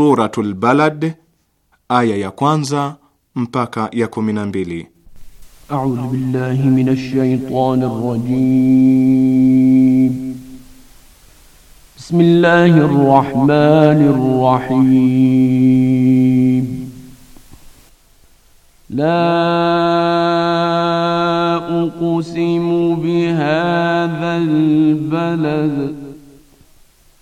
Suratul Balad aya ya kwanza mpaka ya 12. A'udhu billahi minash shaitanir rajim. Bismillahir rahmanir rahim. La uqsimu bihadha al-balad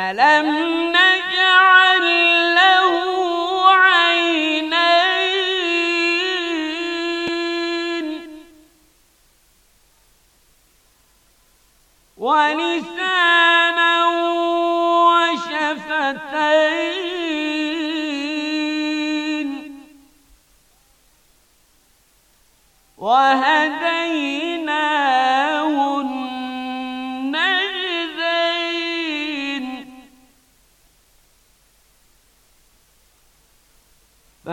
ألم نجعل له عينين ولسانا وشفتين وهل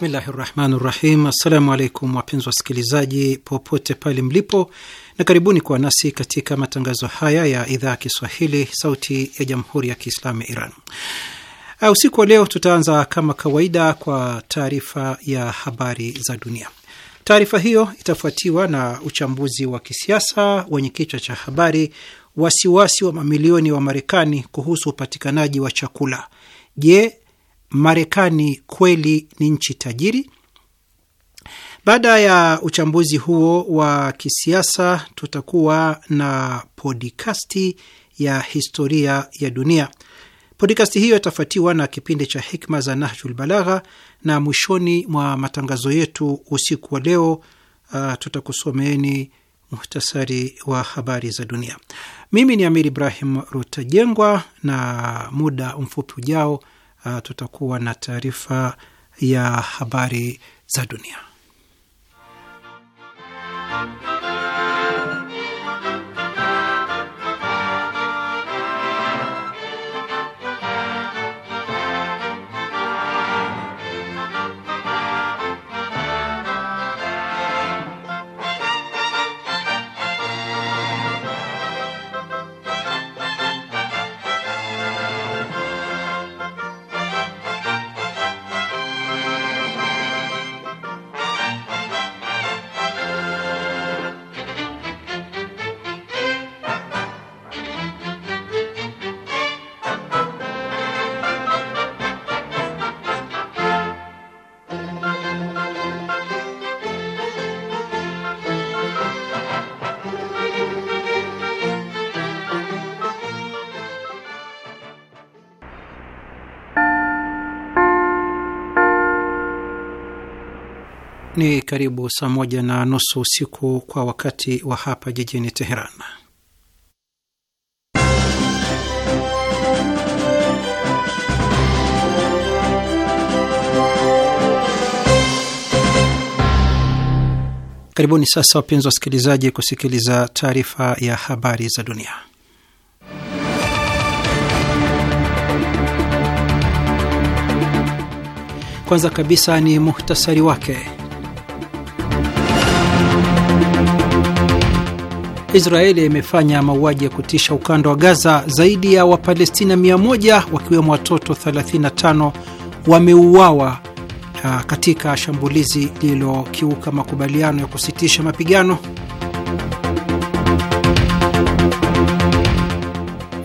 Bismillahi rahmani rahim. Assalamu alaikum wapenzi wasikilizaji popote pale mlipo, na karibuni kwa nasi katika matangazo haya ya idhaa ya Kiswahili sauti ya jamhuri ya Kiislamu ya Iran. Ah, usiku wa leo tutaanza kama kawaida kwa taarifa ya habari za dunia. Taarifa hiyo itafuatiwa na uchambuzi wa kisiasa wenye kichwa cha habari wasiwasi wa mamilioni wa Marekani kuhusu upatikanaji wa chakula. Je, Marekani kweli ni nchi tajiri? Baada ya uchambuzi huo wa kisiasa, tutakuwa na podikasti ya historia ya dunia. Podikasti hiyo itafuatiwa na kipindi cha hikma za Nahjul Balagha, na mwishoni mwa matangazo yetu usiku wa leo uh, tutakusomeeni muhtasari wa habari za dunia. Mimi ni Amir Ibrahim Rutajengwa, na muda mfupi ujao uh, tutakuwa na taarifa ya habari za dunia. Ni karibu saa moja na nusu usiku kwa wakati wa hapa jijini Teheran. Karibuni sasa, wapenzi wasikilizaji, kusikiliza taarifa ya habari za dunia. Kwanza kabisa ni muhtasari wake. Israeli imefanya mauaji ya kutisha ukanda wa Gaza. Zaidi ya Wapalestina 100 wakiwemo watoto 35 wameuawa ah, katika shambulizi lililokiuka makubaliano ya kusitisha mapigano.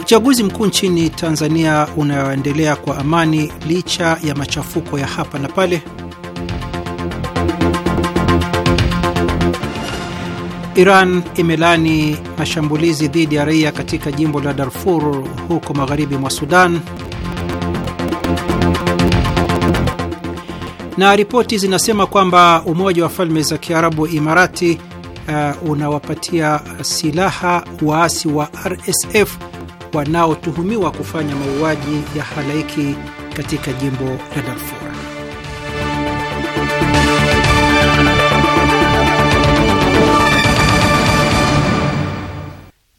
Uchaguzi mkuu nchini Tanzania unaoendelea kwa amani licha ya machafuko ya hapa na pale. Iran imelani mashambulizi dhidi ya raia katika jimbo la Darfur huko magharibi mwa Sudan. Na ripoti zinasema kwamba Umoja wa Falme za Kiarabu Imarati uh, unawapatia silaha waasi wa RSF wanaotuhumiwa kufanya mauaji ya halaiki katika jimbo la Darfur.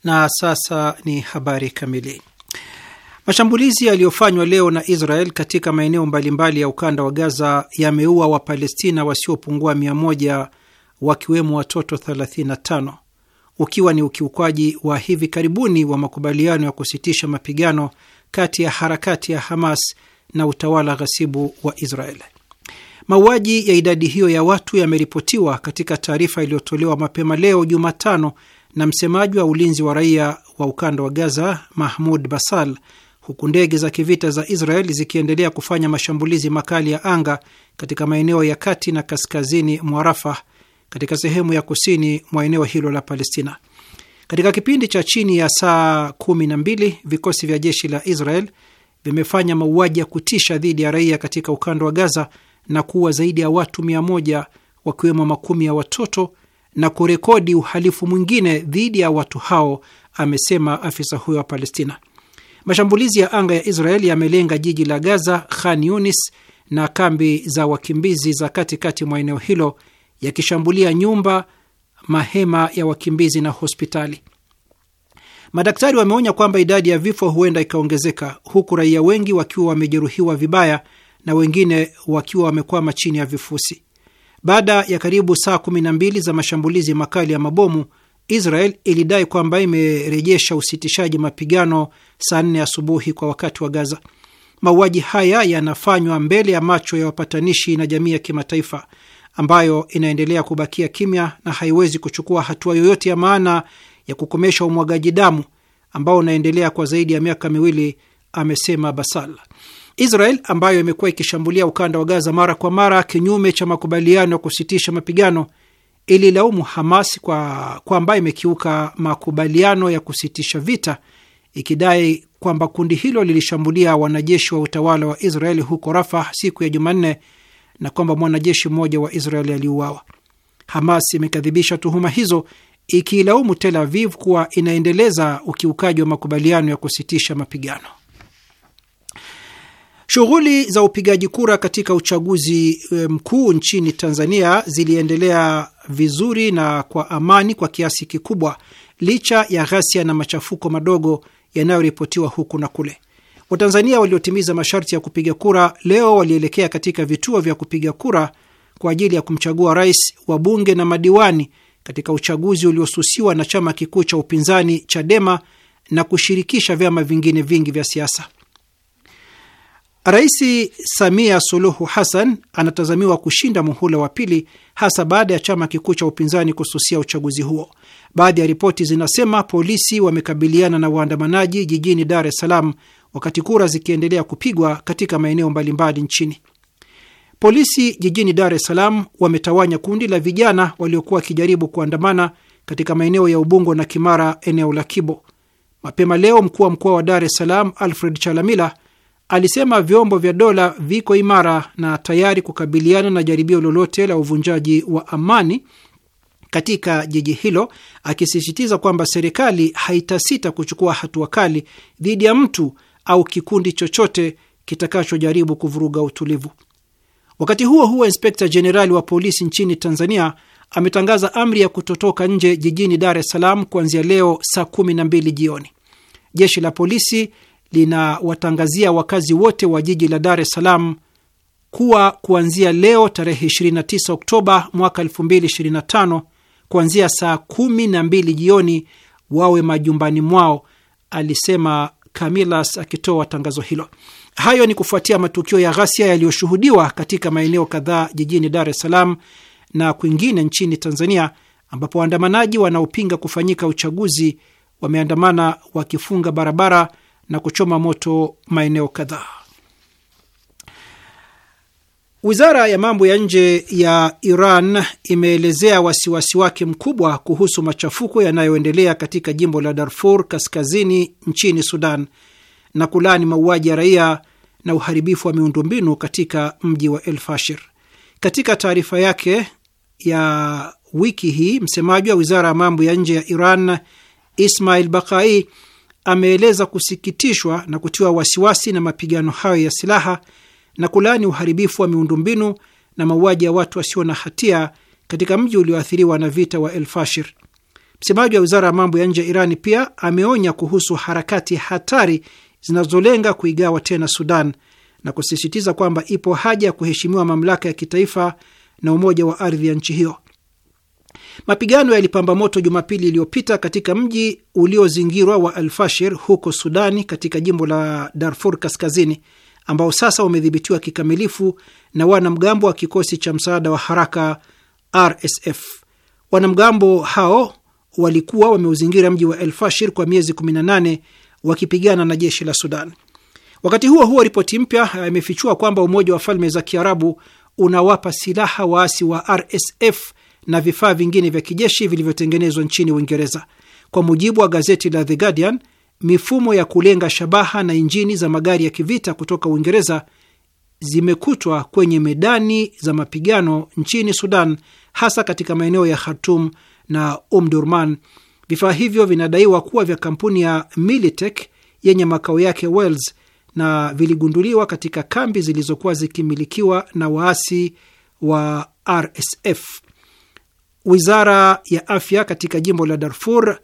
Na sasa ni habari kamili. Mashambulizi yaliyofanywa leo na Israel katika maeneo mbalimbali ya ukanda wa Gaza yameua Wapalestina wasiopungua 100 wakiwemo watoto 35 ukiwa ni ukiukwaji wa hivi karibuni wa makubaliano ya kusitisha mapigano kati ya harakati ya Hamas na utawala ghasibu wa Israel. Mauaji ya idadi hiyo ya watu yameripotiwa katika taarifa iliyotolewa mapema leo Jumatano na msemaji wa ulinzi wa raia wa ukanda wa Gaza Mahmud Basal, huku ndege za kivita za Israel zikiendelea kufanya mashambulizi makali ya anga katika maeneo ya kati na kaskazini mwa Rafa katika sehemu ya kusini mwa eneo hilo la Palestina. Katika kipindi cha chini ya saa kumi na mbili vikosi vya jeshi la Israel vimefanya mauaji ya kutisha dhidi ya raia katika ukanda wa Gaza na kuua zaidi ya watu mia moja wakiwemo makumi ya watoto na kurekodi uhalifu mwingine dhidi ya watu hao, amesema afisa huyo wa Palestina. Mashambulizi ya anga ya Israeli yamelenga jiji la Gaza, Khan Yunis na kambi za wakimbizi za katikati mwa eneo hilo, yakishambulia nyumba, mahema ya wakimbizi na hospitali. Madaktari wameonya kwamba idadi ya vifo huenda ikaongezeka, huku raia wengi wakiwa wamejeruhiwa vibaya na wengine wakiwa wamekwama chini ya vifusi. Baada ya karibu saa 12 za mashambulizi makali ya mabomu, Israel ilidai kwamba imerejesha usitishaji mapigano saa 4 asubuhi kwa wakati wa Gaza. Mauaji haya yanafanywa mbele ya macho ya wapatanishi na jamii ya kimataifa ambayo inaendelea kubakia kimya na haiwezi kuchukua hatua yoyote ya maana ya kukomesha umwagaji damu ambao unaendelea kwa zaidi ya miaka miwili, amesema basala Israel ambayo imekuwa ikishambulia ukanda wa Gaza mara kwa mara kinyume cha makubaliano ya kusitisha mapigano ililaumu Hamas kwa kwamba imekiuka makubaliano ya kusitisha vita, ikidai kwamba kundi hilo lilishambulia wanajeshi wa utawala wa Israeli huko rafa siku ya Jumanne na kwamba mwanajeshi mmoja wa Israeli aliuawa. Hamas imekadhibisha tuhuma hizo ikiilaumu Tel Aviv kuwa inaendeleza ukiukaji wa makubaliano ya kusitisha mapigano. Shughuli za upigaji kura katika uchaguzi eh, mkuu nchini Tanzania ziliendelea vizuri na kwa amani kwa kiasi kikubwa licha ya ghasia na machafuko madogo yanayoripotiwa huku na kule. Watanzania waliotimiza masharti ya kupiga kura leo walielekea katika vituo vya kupiga kura kwa ajili ya kumchagua rais, wabunge na madiwani katika uchaguzi uliosusiwa na chama kikuu cha upinzani Chadema na kushirikisha vyama vingine vingi vya siasa. Rais Samia Suluhu Hassan anatazamiwa kushinda muhula wa pili, hasa baada ya chama kikuu cha upinzani kususia uchaguzi huo. Baadhi ya ripoti zinasema polisi wamekabiliana na waandamanaji jijini Dar es Salaam wakati kura zikiendelea kupigwa katika maeneo mbalimbali nchini. Polisi jijini Dar es Salaam wametawanya kundi la vijana waliokuwa wakijaribu kuandamana katika maeneo ya Ubungo na Kimara, eneo la Kibo. Mapema leo mkuu wa mkoa wa Dar es Salaam Alfred Chalamila Alisema vyombo vya dola viko imara na tayari kukabiliana na jaribio lolote la uvunjaji wa amani katika jiji hilo, akisisitiza kwamba serikali haitasita kuchukua hatua kali dhidi ya mtu au kikundi chochote kitakachojaribu kuvuruga utulivu. Wakati huo huo, inspekta jenerali wa polisi nchini Tanzania ametangaza amri ya kutotoka nje jijini Dar es Salaam kuanzia leo saa kumi na mbili jioni. Jeshi la polisi linawatangazia wakazi wote wa jiji la Dar es Salaam kuwa kuanzia leo tarehe 29 Oktoba mwaka 2025 kuanzia saa kumi na mbili jioni wawe majumbani mwao, alisema Kamilas akitoa tangazo hilo. Hayo ni kufuatia matukio ya ghasia yaliyoshuhudiwa katika maeneo kadhaa jijini Dar es Salaam na kwingine nchini Tanzania, ambapo waandamanaji wanaopinga kufanyika uchaguzi wameandamana wakifunga barabara na kuchoma moto maeneo kadhaa. Wizara ya mambo ya nje ya Iran imeelezea wasiwasi wake mkubwa kuhusu machafuko yanayoendelea katika jimbo la Darfur kaskazini nchini Sudan na kulaani mauaji ya raia na uharibifu wa miundombinu katika mji wa El Fashir. Katika taarifa yake ya wiki hii, msemaji wa wizara ya mambo ya nje ya Iran Ismail Bakai ameeleza kusikitishwa na kutiwa wasiwasi na mapigano hayo ya silaha na kulaani uharibifu wa miundombinu na mauaji ya watu wasio na hatia katika mji ulioathiriwa na vita wa El Fashir. Msemaji wa wizara ya mambo ya nje ya Irani pia ameonya kuhusu harakati hatari zinazolenga kuigawa tena Sudan na kusisitiza kwamba ipo haja ya kuheshimiwa mamlaka ya kitaifa na umoja wa ardhi ya nchi hiyo. Mapigano yalipamba moto Jumapili iliyopita katika mji uliozingirwa wa Alfashir huko Sudani, katika jimbo la Darfur Kaskazini, ambao sasa wamedhibitiwa kikamilifu na wanamgambo wa kikosi cha msaada wa haraka RSF. Wanamgambo hao walikuwa wameuzingira mji wa Elfashir kwa miezi 18 wakipigana na jeshi la Sudan. Wakati huo huo, ripoti mpya eh, imefichua kwamba Umoja wa Falme za Kiarabu unawapa silaha waasi wa RSF na vifaa vingine vya kijeshi vilivyotengenezwa nchini Uingereza. Kwa mujibu wa gazeti la The Guardian, mifumo ya kulenga shabaha na injini za magari ya kivita kutoka Uingereza zimekutwa kwenye medani za mapigano nchini Sudan, hasa katika maeneo ya Khartum na Umdurman. Vifaa hivyo vinadaiwa kuwa vya kampuni ya Militech yenye makao yake Wales na viligunduliwa katika kambi zilizokuwa zikimilikiwa na waasi wa RSF. Wizara ya afya katika jimbo la Darfur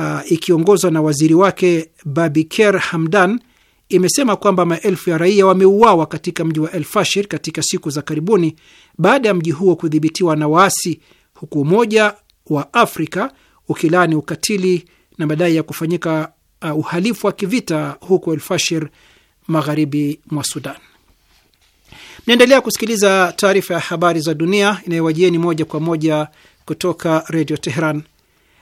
uh, ikiongozwa na waziri wake Babiker Hamdan imesema kwamba maelfu ya raia wameuawa katika mji wa El Fashir katika siku za karibuni baada ya mji huo kudhibitiwa na waasi, huku Umoja wa Afrika ukilani ukatili na madai ya kufanyika uh, uhalifu wa kivita huko El Fashir, magharibi mwa Sudan. Naendelea kusikiliza taarifa ya habari za dunia inayowajieni moja kwa moja kutoka redio Teheran.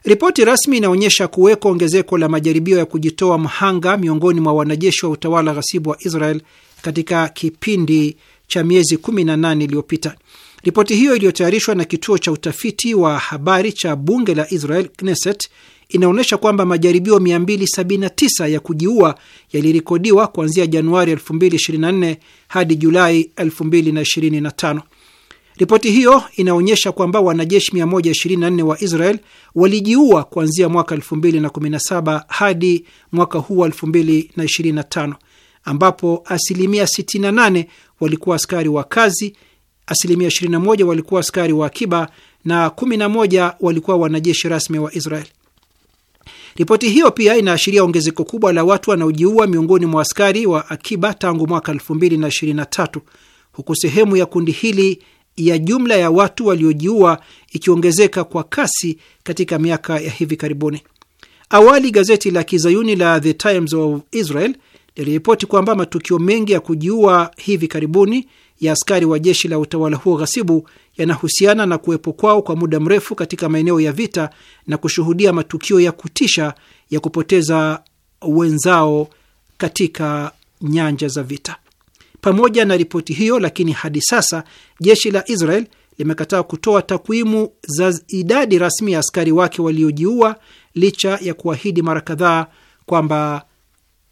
Ripoti rasmi inaonyesha kuwekwa ongezeko la majaribio ya kujitoa mhanga miongoni mwa wanajeshi wa utawala ghasibu wa Israel katika kipindi cha miezi 18 iliyopita. Ripoti hiyo iliyotayarishwa na kituo cha utafiti wa habari cha bunge la Israel, Knesset, inaonyesha kwamba majaribio 279 ya kujiua yalirekodiwa kuanzia Januari 2024 hadi Julai 2025. Ripoti hiyo inaonyesha kwamba wanajeshi 124 wa Israel walijiua kuanzia mwaka 2017 hadi mwaka huu 2025, ambapo asilimia 68 walikuwa askari wa kazi, asilimia 21 walikuwa askari wa akiba na 11 walikuwa wanajeshi rasmi wa Israel. Ripoti hiyo pia inaashiria ongezeko kubwa la watu wanaojiua miongoni mwa askari wa akiba tangu mwaka 2023 huku sehemu ya kundi hili ya jumla ya watu waliojiua ikiongezeka kwa kasi katika miaka ya hivi karibuni. Awali gazeti la kizayuni la The Times of Israel liliripoti kwamba matukio mengi ya kujiua hivi karibuni ya askari wa jeshi la utawala huo ghasibu yanahusiana na kuwepo kwao kwa muda mrefu katika maeneo ya vita na kushuhudia matukio ya kutisha ya kupoteza wenzao katika nyanja za vita. Pamoja na ripoti hiyo, lakini hadi sasa jeshi la Israel limekataa kutoa takwimu za idadi rasmi ya askari wake waliojiua licha ya kuahidi mara kadhaa kwamba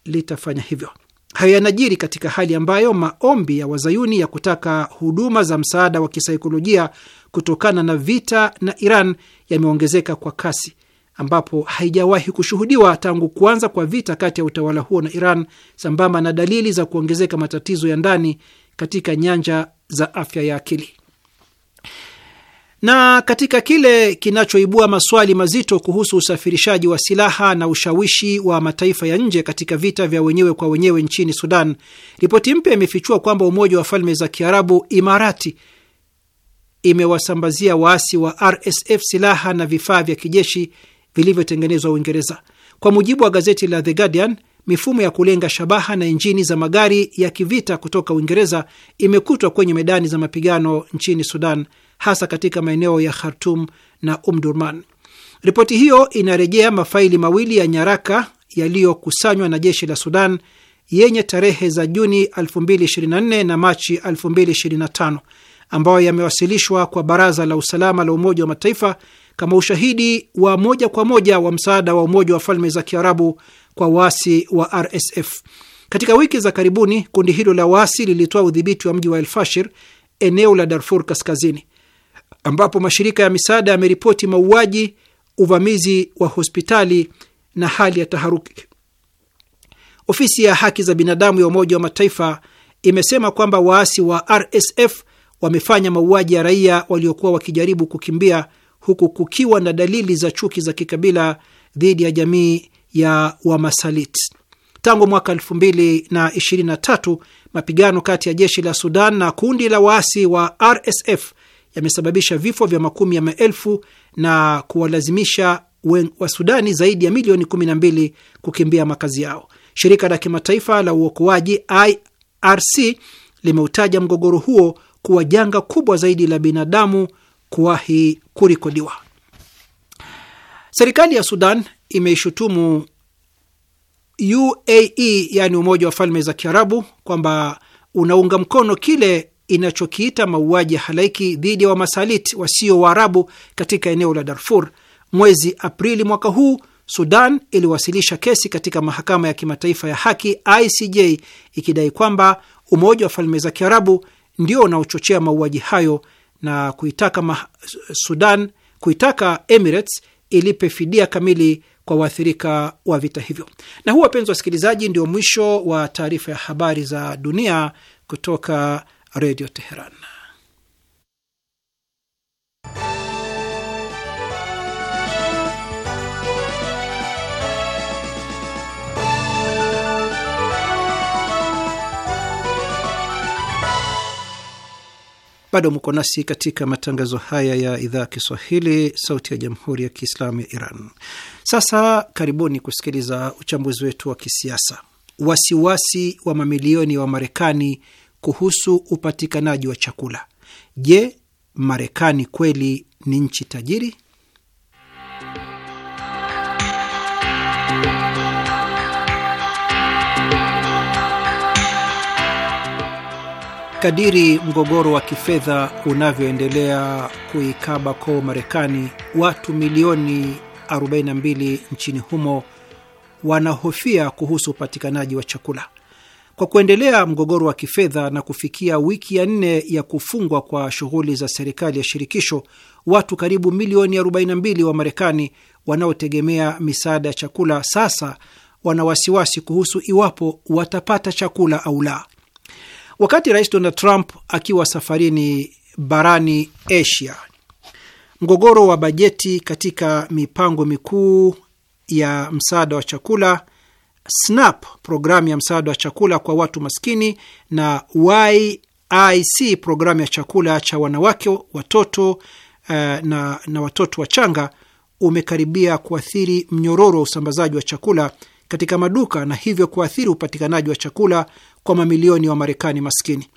litafanya hivyo. Hayo yanajiri katika hali ambayo maombi ya wazayuni ya kutaka huduma za msaada wa kisaikolojia kutokana na vita na Iran yameongezeka kwa kasi ambapo haijawahi kushuhudiwa tangu kuanza kwa vita kati ya utawala huo na Iran, sambamba na dalili za kuongezeka matatizo ya ndani katika nyanja za afya ya akili. Na katika kile kinachoibua maswali mazito kuhusu usafirishaji wa silaha na ushawishi wa mataifa ya nje katika vita vya wenyewe kwa wenyewe nchini Sudan, ripoti mpya imefichua kwamba Umoja wa Falme za Kiarabu, Imarati, imewasambazia waasi wa RSF silaha na vifaa vya kijeshi vilivyotengenezwa Uingereza. Kwa mujibu wa gazeti la The Guardian, mifumo ya kulenga shabaha na injini za magari ya kivita kutoka Uingereza imekutwa kwenye medani za mapigano nchini Sudan hasa katika maeneo ya Khartum na Umdurman. Ripoti hiyo inarejea mafaili mawili ya nyaraka yaliyokusanywa na jeshi la Sudan yenye tarehe za Juni 2024 na Machi 2025 ambayo yamewasilishwa kwa Baraza la Usalama la Umoja wa Mataifa kama ushahidi wa moja kwa moja wa msaada wa Umoja wa Falme za Kiarabu kwa waasi wa RSF. Katika wiki za karibuni, kundi hilo la waasi lilitoa udhibiti wa mji wa elfashir eneo la Darfur Kaskazini ambapo mashirika ya misaada yameripoti mauaji, uvamizi wa hospitali na hali ya taharuki. Ofisi ya haki za binadamu ya Umoja wa Mataifa imesema kwamba waasi wa RSF wamefanya mauaji ya raia waliokuwa wakijaribu kukimbia huku kukiwa na dalili za chuki za kikabila dhidi ya jamii ya Wamasalit. Tangu mwaka 2023 mapigano kati ya jeshi la Sudan na kundi la waasi wa RSF yamesababisha vifo vya makumi ya maelfu na kuwalazimisha Wasudani zaidi ya milioni 12 kukimbia makazi yao. Shirika la kimataifa la uokoaji IRC limeutaja mgogoro huo kuwa janga kubwa zaidi la binadamu kuwahi kurikodiwa. Serikali ya Sudan imeishutumu UAE, yaani Umoja wa Falme za Kiarabu, kwamba unaunga mkono kile inachokiita mauaji ya halaiki dhidi ya wamasalit wasio Waarabu katika eneo la Darfur. Mwezi Aprili mwaka huu Sudan iliwasilisha kesi katika mahakama ya kimataifa ya haki ICJ ikidai kwamba Umoja wa Falme za Kiarabu ndio unaochochea mauaji hayo na kuitaka Sudan kuitaka Emirates ilipe fidia kamili kwa waathirika wa vita hivyo. Na huu, wapenzi wasikilizaji, ndio mwisho wa taarifa ya habari za dunia kutoka Redio Teheran. Bado mko nasi katika matangazo haya ya idhaa ya Kiswahili, sauti ya jamhuri ya kiislamu ya Iran. Sasa karibuni kusikiliza uchambuzi wetu wa kisiasa. Wasiwasi wa mamilioni ya Wamarekani kuhusu upatikanaji wa chakula. Je, Marekani kweli ni nchi tajiri? Kadiri mgogoro wa kifedha unavyoendelea kuikaba koo Marekani, watu milioni 42 nchini humo wanahofia kuhusu upatikanaji wa chakula. Kwa kuendelea mgogoro wa kifedha na kufikia wiki ya nne ya kufungwa kwa shughuli za serikali ya shirikisho, watu karibu milioni 42 wa Marekani wanaotegemea misaada ya chakula sasa wana wasiwasi kuhusu iwapo watapata chakula au la. Wakati Rais Donald Trump akiwa safarini barani Asia, mgogoro wa bajeti katika mipango mikuu ya msaada wa chakula SNAP, programu ya msaada wa chakula kwa watu maskini, na YIC, programu ya chakula cha wanawake, watoto uh, na, na watoto wachanga, umekaribia kuathiri mnyororo wa usambazaji wa chakula katika maduka na hivyo kuathiri upatikanaji wa chakula kwa mamilioni ya wa marekani maskini.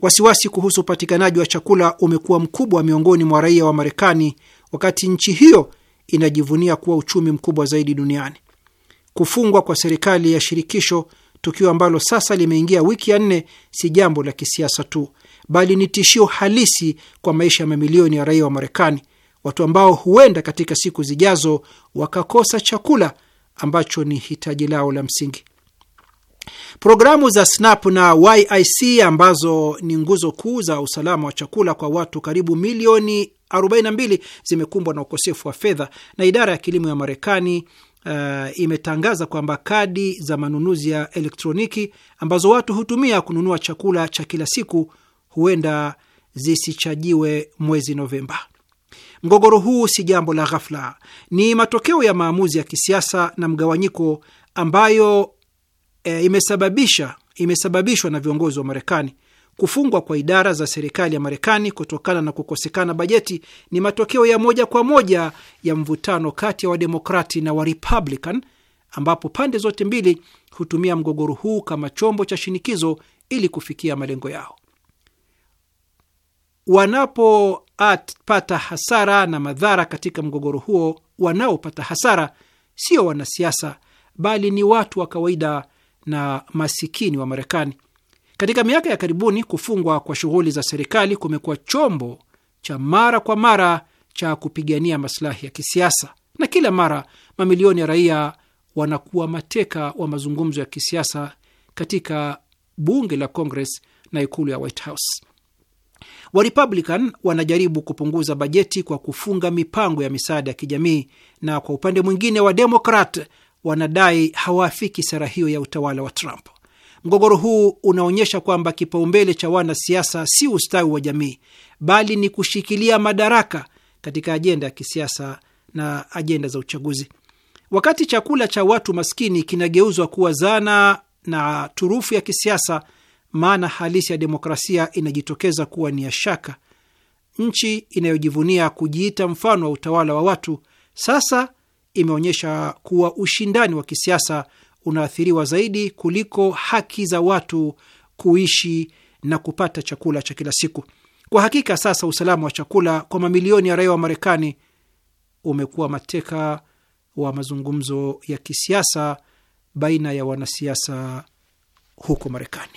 Wasiwasi kuhusu upatikanaji wa chakula umekuwa mkubwa miongoni mwa raia wa Marekani wakati nchi hiyo inajivunia kuwa uchumi mkubwa zaidi duniani. Kufungwa kwa serikali ya shirikisho, tukio ambalo sasa limeingia wiki ya nne, si jambo la kisiasa tu, bali ni tishio halisi kwa maisha ya mamilioni ya raia wa Marekani, watu ambao huenda katika siku zijazo wakakosa chakula ambacho ni hitaji lao la msingi. Programu za SNAP na YIC ambazo ni nguzo kuu za usalama wa chakula kwa watu karibu milioni 42 zimekumbwa na ukosefu wa fedha, na idara ya kilimo ya Marekani uh, imetangaza kwamba kadi za manunuzi ya elektroniki ambazo watu hutumia kununua chakula cha kila siku huenda zisichajiwe mwezi Novemba. Mgogoro huu si jambo la ghafla, ni matokeo ya maamuzi ya kisiasa na mgawanyiko ambayo e, imesababisha imesababishwa na viongozi wa Marekani Kufungwa kwa idara za serikali ya Marekani kutokana na kukosekana bajeti ni matokeo ya moja kwa moja ya mvutano kati ya Wademokrati na Warepublican, ambapo pande zote mbili hutumia mgogoro huu kama chombo cha shinikizo ili kufikia malengo yao. Wanapopata hasara na madhara katika mgogoro huo, wanaopata hasara sio wanasiasa, bali ni watu wa kawaida na masikini wa Marekani. Katika miaka ya karibuni, kufungwa kwa shughuli za serikali kumekuwa chombo cha mara kwa mara cha kupigania masilahi ya kisiasa, na kila mara mamilioni ya raia wanakuwa mateka wa mazungumzo ya kisiasa katika bunge la Congress na ikulu ya White House. Wa Republican wanajaribu kupunguza bajeti kwa kufunga mipango ya misaada ya kijamii, na kwa upande mwingine wa Demokrat wanadai hawaafiki sera hiyo ya utawala wa Trump. Mgogoro huu unaonyesha kwamba kipaumbele cha wanasiasa si ustawi wa jamii, bali ni kushikilia madaraka katika ajenda ya kisiasa na ajenda za uchaguzi. Wakati chakula cha watu maskini kinageuzwa kuwa zana na turufu ya kisiasa, maana halisi ya demokrasia inajitokeza kuwa ni ya shaka. Nchi inayojivunia kujiita mfano wa utawala wa watu sasa imeonyesha kuwa ushindani wa kisiasa unaathiriwa zaidi kuliko haki za watu kuishi na kupata chakula cha kila siku. Kwa hakika sasa usalama wa chakula kwa mamilioni ya raia wa Marekani umekuwa mateka wa mazungumzo ya kisiasa baina ya wanasiasa huko Marekani.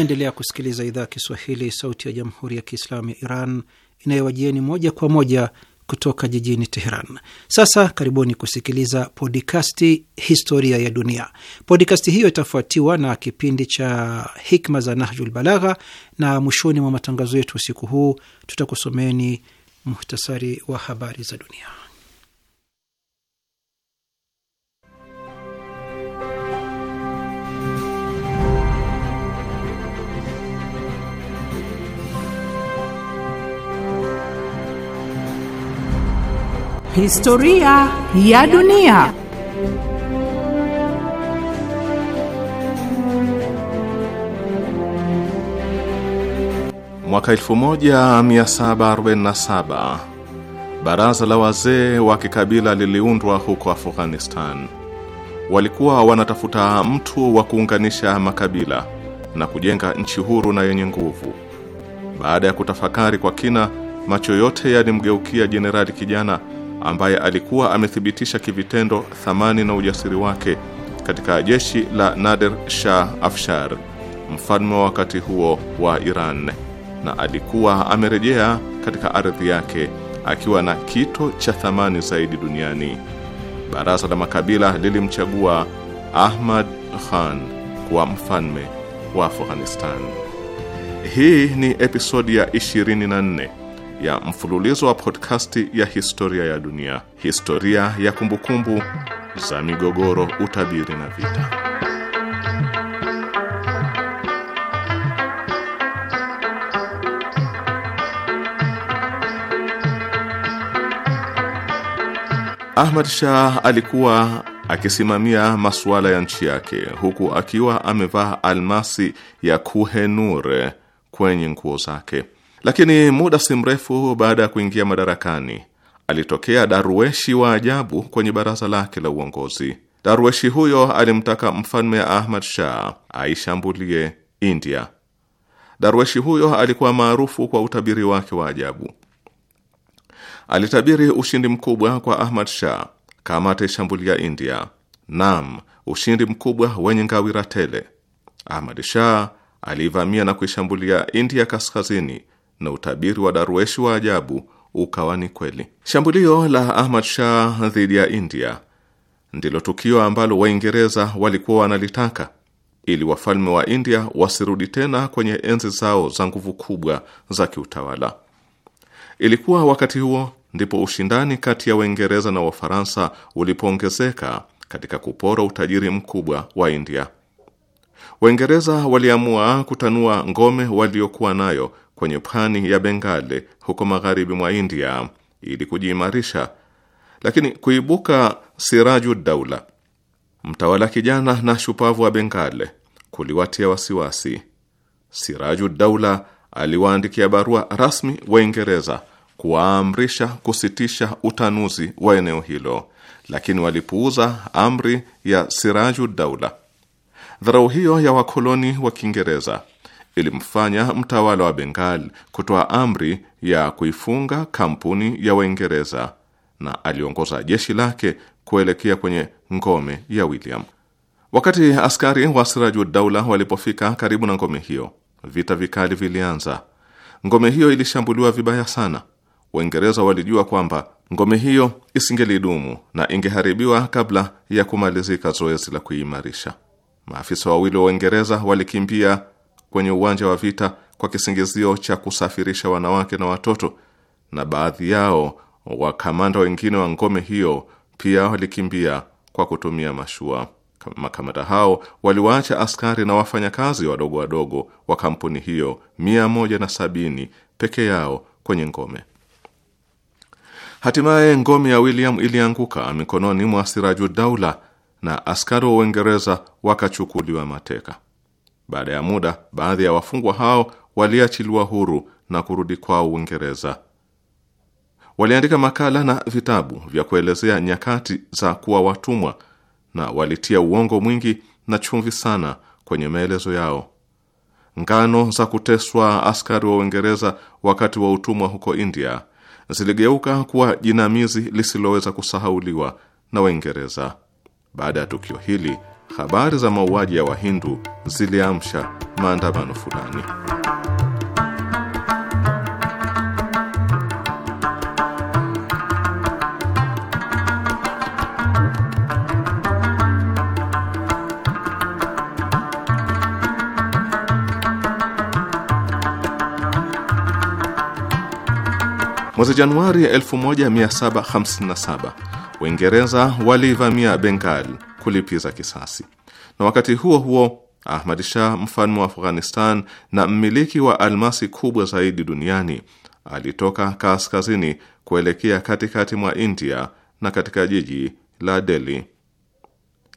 Naendelea kusikiliza idhaa ya Kiswahili, sauti ya jamhuri ya kiislamu ya Iran inayowajieni moja kwa moja kutoka jijini Teheran. Sasa karibuni kusikiliza podikasti historia ya dunia. Podikasti hiyo itafuatiwa na kipindi cha hikma za Nahjul Balagha, na mwishoni mwa matangazo yetu usiku huu tutakusomeni muhtasari wa habari za dunia. Historia ya dunia. Mwaka 1747 baraza la wazee wa kikabila liliundwa huko Afghanistan. Walikuwa wanatafuta mtu wa kuunganisha makabila na kujenga nchi huru na yenye nguvu. Baada ya kutafakari kwa kina, macho yote yalimgeukia jenerali kijana ambaye alikuwa amethibitisha kivitendo thamani na ujasiri wake katika jeshi la Nader Shah Afshar, mfalme wa wakati huo wa Iran, na alikuwa amerejea katika ardhi yake akiwa na kito cha thamani zaidi duniani. Baraza la makabila lilimchagua Ahmad Khan kuwa mfalme wa Afghanistan. Hii ni episodi ya 24 ya mfululizo wa podkasti ya historia ya dunia, historia ya kumbukumbu za migogoro, utabiri na vita. Ahmad Shah alikuwa akisimamia masuala ya nchi yake huku akiwa amevaa almasi ya kuhenure kwenye nguo zake. Lakini muda si mrefu baada ya kuingia madarakani alitokea darueshi wa ajabu kwenye baraza lake la uongozi. Darueshi huyo alimtaka mfalme Ahmad Shah aishambulie India. Darueshi huyo alikuwa maarufu kwa utabiri wake wa ajabu. Alitabiri ushindi mkubwa kwa Ahmad Shah kama ataishambulia India. Naam, ushindi mkubwa wenye ngawira tele. Ahmad Shah aliivamia na kuishambulia India kaskazini na utabiri wa Darweshi wa ajabu ukawa ni kweli. Shambulio la Ahmad Shah dhidi ya India ndilo tukio ambalo Waingereza walikuwa wanalitaka ili wafalme wa India wasirudi tena kwenye enzi zao za nguvu kubwa za kiutawala. Ilikuwa wakati huo ndipo ushindani kati ya Waingereza na Wafaransa ulipoongezeka katika kupora utajiri mkubwa wa India. Waingereza waliamua kutanua ngome waliokuwa nayo kwenye pwani ya bengale huko magharibi mwa India ili kujiimarisha, lakini kuibuka Siraju Daula, mtawala kijana na shupavu wa Bengale, kuliwatia wasiwasi. Siraju Daula aliwaandikia barua rasmi Waingereza kuwaamrisha kusitisha utanuzi wa eneo hilo, lakini walipuuza amri ya Siraju Daula. Dharau hiyo ya wakoloni wa Kiingereza ilimfanya mtawala wa Bengal kutoa amri ya kuifunga kampuni ya Waingereza na aliongoza jeshi lake kuelekea kwenye ngome ya William. Wakati askari wa daula walipofika karibu na ngome hiyo, vita vikali vilianza. Ngome hiyo ilishambuliwa vibaya sana. Waingereza walijua kwamba ngome hiyo isingelidumu na ingeharibiwa kabla ya kumalizika zoezi la kuimarisha. Maafisa wawili wa Uingereza walikimbia kwenye uwanja wa vita kwa kisingizio cha kusafirisha wanawake na watoto, na baadhi yao wakamanda wengine wa ngome hiyo pia walikimbia kwa kutumia mashua. Makamanda hao waliwaacha askari na wafanyakazi wadogo wadogo wa kampuni hiyo mia moja na sabini peke yao kwenye ngome. Hatimaye ngome ya William ilianguka mikononi mwa Sirajudaula na askari wa Uingereza wakachukuliwa mateka. Baada ya muda, baadhi ya wafungwa hao waliachiliwa huru na kurudi kwao Uingereza. Waliandika makala na vitabu vya kuelezea nyakati za kuwa watumwa na walitia uongo mwingi na chumvi sana kwenye maelezo yao. Ngano za kuteswa askari wa Uingereza wakati wa utumwa huko India ziligeuka kuwa jinamizi lisiloweza kusahauliwa na Waingereza. Baada ya tukio hili habari za mauaji ya Wahindu ziliamsha maandamano fulani. Mwezi Januari 1757 Waingereza walivamia Bengal kulipiza kisasi. Na wakati huo huo, Ahmad Shah, mfalme wa Afghanistan na mmiliki wa almasi kubwa zaidi duniani, alitoka kaskazini kuelekea katikati mwa India na katika jiji la Delhi.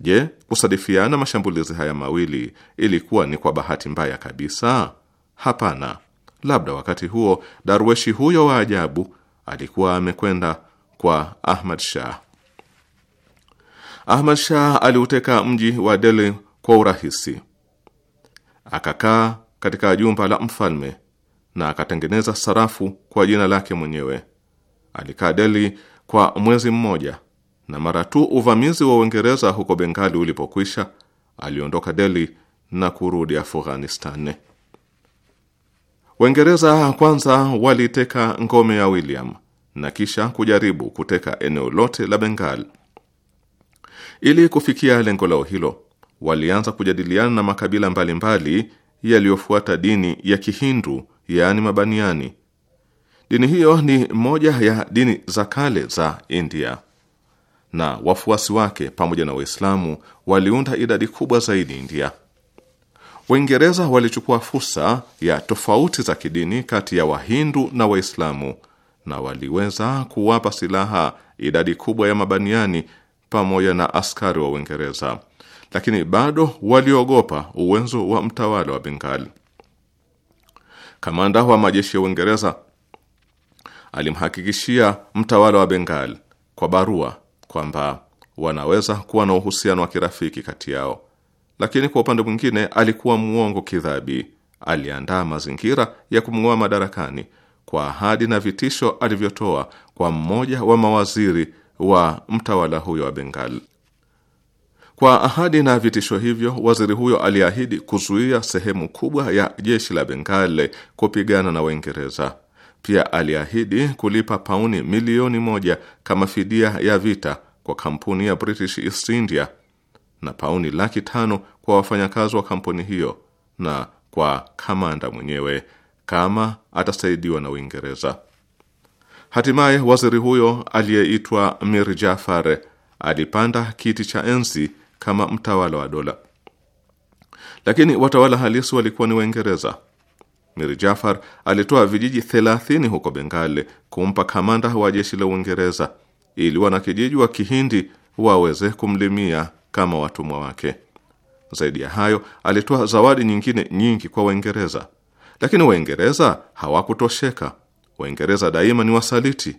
Je, kusadifiana mashambulizi haya mawili ilikuwa ni kwa bahati mbaya kabisa? Hapana. Labda wakati huo darweshi huyo wa ajabu alikuwa amekwenda kwa Ahmad Shah. Ahmad Shah aliuteka mji wa Delhi kwa urahisi, akakaa katika jumba la mfalme na akatengeneza sarafu kwa jina lake mwenyewe. Alikaa Delhi kwa mwezi mmoja, na mara tu uvamizi wa Uingereza huko Bengali ulipokwisha, aliondoka Delhi na kurudi Afghanistan. Waingereza kwanza waliteka ngome ya William na kisha kujaribu kuteka eneo lote la Bengal. Ili kufikia lengo lao hilo, walianza kujadiliana na makabila mbalimbali yaliyofuata dini ya Kihindu, yaani Mabaniani. Dini hiyo ni moja ya dini za kale za India, na wafuasi wake pamoja na Waislamu waliunda idadi kubwa zaidi India. Waingereza walichukua fursa ya tofauti za kidini kati ya Wahindu na Waislamu na waliweza kuwapa silaha idadi kubwa ya Mabaniani pamoja na askari wa Uingereza, lakini bado waliogopa uwezo wa mtawala wa Bengali. Kamanda wa majeshi ya Uingereza alimhakikishia mtawala wa Bengali kwa barua kwamba wanaweza kuwa na uhusiano wa kirafiki kati yao, lakini kwa upande mwingine alikuwa muongo kidhabi. Aliandaa mazingira ya kumng'oa madarakani kwa ahadi na vitisho alivyotoa kwa mmoja wa mawaziri wa mtawala huyo wa Bengal. Kwa ahadi na vitisho hivyo, waziri huyo aliahidi kuzuia sehemu kubwa ya jeshi la Bengal kupigana na Waingereza. Pia aliahidi kulipa pauni milioni moja kama fidia ya vita kwa kampuni ya British East India na pauni laki tano kwa wafanyakazi wa kampuni hiyo na kwa kamanda mwenyewe kama atasaidiwa na Uingereza. Hatimaye waziri huyo aliyeitwa Mir Jafar alipanda kiti cha enzi kama mtawala wa dola, lakini watawala halisi walikuwa ni Waingereza. Mir Jafar alitoa vijiji 30 huko Bengali kumpa kamanda wa jeshi la Uingereza ili wanakijiji wa Kihindi waweze kumlimia kama watumwa wake. Zaidi ya hayo, alitoa zawadi nyingine nyingi kwa Waingereza, lakini Waingereza hawakutosheka. Waingereza daima ni wasaliti,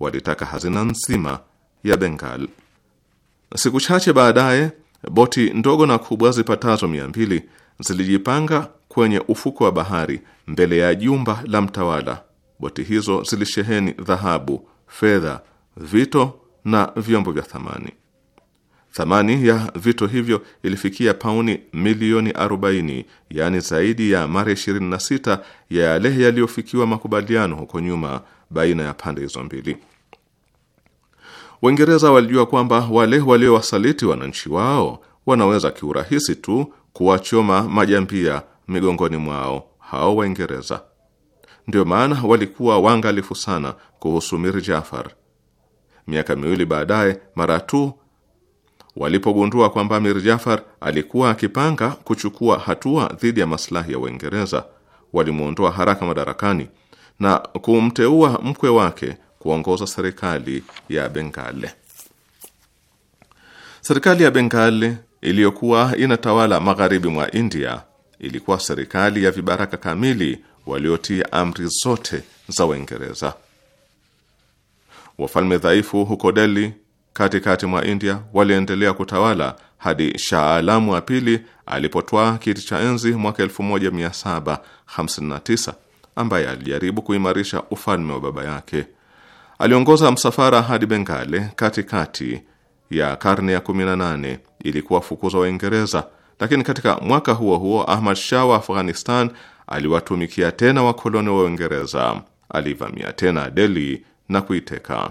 walitaka hazina nzima ya Bengal. Siku chache baadaye boti ndogo na kubwa zipatazo mia mbili zilijipanga kwenye ufuko wa bahari mbele ya jumba la mtawala. Boti hizo zilisheheni dhahabu, fedha, vito na vyombo vya thamani. Thamani ya vito hivyo ilifikia pauni milioni 40, yaani zaidi ya mara 26 ya yale yaliyofikiwa makubaliano huko nyuma baina ya pande hizo mbili. Waingereza walijua kwamba wale waliowasaliti wananchi wao wanaweza kiurahisi tu kuwachoma majambia migongoni mwao hao Waingereza. Ndio maana walikuwa wangalifu sana kuhusu Mir Jafar. Miaka miwili baadaye, mara tu Walipogundua kwamba Mir Jafar alikuwa akipanga kuchukua hatua dhidi ya maslahi ya Uingereza, walimwondoa haraka madarakani na kumteua mkwe wake kuongoza serikali ya Bengale. Serikali ya Bengale iliyokuwa inatawala magharibi mwa India ilikuwa serikali ya vibaraka kamili waliotia amri zote za Uingereza. Wafalme dhaifu huko Delhi katikati mwa India waliendelea kutawala hadi Shah Alam wa pili alipotwaa kiti cha enzi mwaka 1759, ambaye alijaribu kuimarisha ufalme wa baba yake. Aliongoza msafara hadi Bengale katikati ya karne ya 18 ili kuwafukuza Waingereza, lakini katika mwaka huo huo Ahmad Shah wa Afghanistan aliwatumikia tena wakoloni wa Uingereza. Alivamia tena Delhi na kuiteka.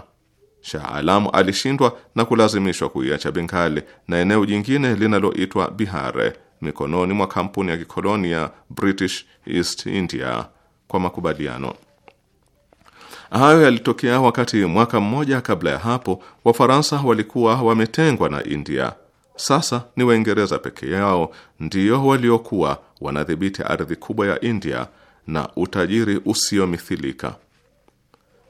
Shah Alam alishindwa na kulazimishwa kuiacha Bengali na eneo jingine linaloitwa Bihare mikononi mwa kampuni ya kikoloni ya British East India kwa makubaliano. Hayo yalitokea wakati mwaka mmoja kabla ya hapo Wafaransa walikuwa wametengwa na India. Sasa ni Waingereza peke yao ndiyo waliokuwa wanadhibiti ardhi kubwa ya India na utajiri usiomithilika.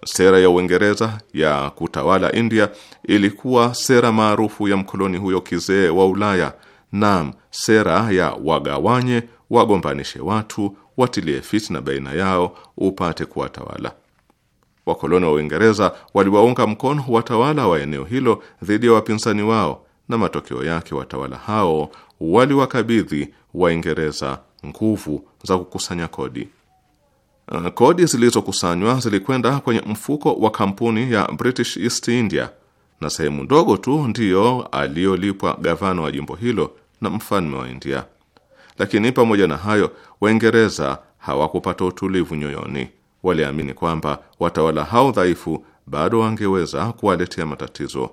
Sera ya Uingereza ya kutawala India ilikuwa sera maarufu ya mkoloni huyo kizee wa Ulaya. Naam, sera ya wagawanye, wagombanishe watu, watilie fitna baina yao, upate kuwatawala. Wakoloni wa Uingereza waliwaunga mkono watawala wa eneo hilo dhidi ya wapinzani wao, na matokeo yake watawala hao waliwakabidhi Waingereza nguvu za kukusanya kodi. Uh, kodi zilizokusanywa zilikwenda kwenye mfuko wa kampuni ya British East India na sehemu ndogo tu ndiyo aliyolipwa gavana wa jimbo hilo na mfalme wa India. Lakini pamoja na hayo, Waingereza hawakupata utulivu nyoyoni. Waliamini kwamba watawala hao dhaifu bado wangeweza kuwaletea matatizo.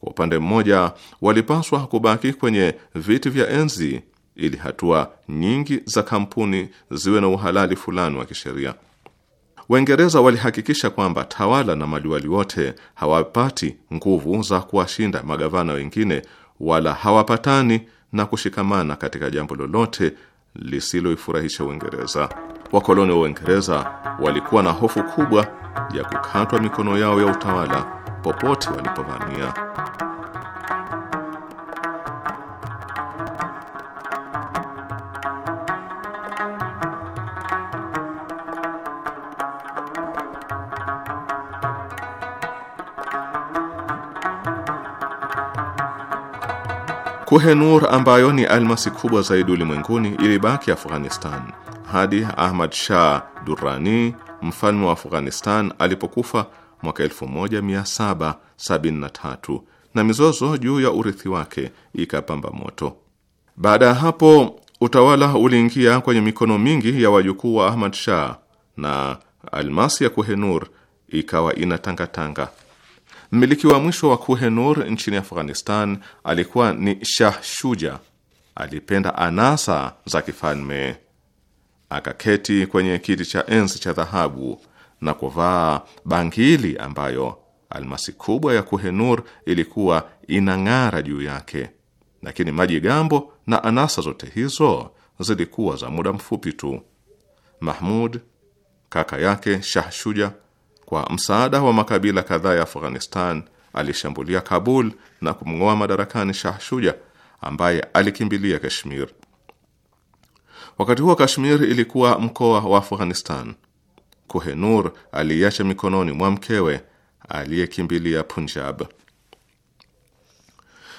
Kwa upande mmoja, walipaswa kubaki kwenye viti vya enzi ili hatua nyingi za kampuni ziwe na uhalali fulani wa kisheria. Waingereza walihakikisha kwamba tawala na maliwali wote hawapati nguvu za kuwashinda magavana wengine wala hawapatani na kushikamana katika jambo lolote lisiloifurahisha Uingereza. Wakoloni wa Uingereza walikuwa na hofu kubwa ya kukatwa mikono yao ya utawala popote walipovamia. Kuhenur ambayo ni almasi kubwa zaidi ulimwenguni ilibaki Afghanistan hadi Ahmad Shah Durrani, mfalme wa Afghanistan, alipokufa mwaka 1773 na mizozo juu ya urithi wake ikapamba moto. Baada ya hapo, utawala uliingia kwenye mikono mingi ya wajukuu wa Ahmad Shah na almasi ya Kuhenur ikawa inatangatanga. Mmiliki wa mwisho wa Kuhenur nchini Afghanistan alikuwa ni Shah Shuja. Alipenda anasa za kifalme, akaketi kwenye kiti cha enzi cha dhahabu na kuvaa bangili ambayo almasi kubwa ya Kuhenur ilikuwa inang'ara juu yake. Lakini majigambo na anasa zote hizo zilikuwa za muda mfupi tu. Mahmud kaka yake Shah Shuja kwa msaada wa makabila kadhaa ya Afghanistan alishambulia Kabul na kumng'oa madarakani Shah Shuja ambaye alikimbilia Kashmir. Wakati huo Kashmir ilikuwa mkoa wa Afghanistan. Kohenur aliiacha mikononi mwa mkewe aliyekimbilia Punjab.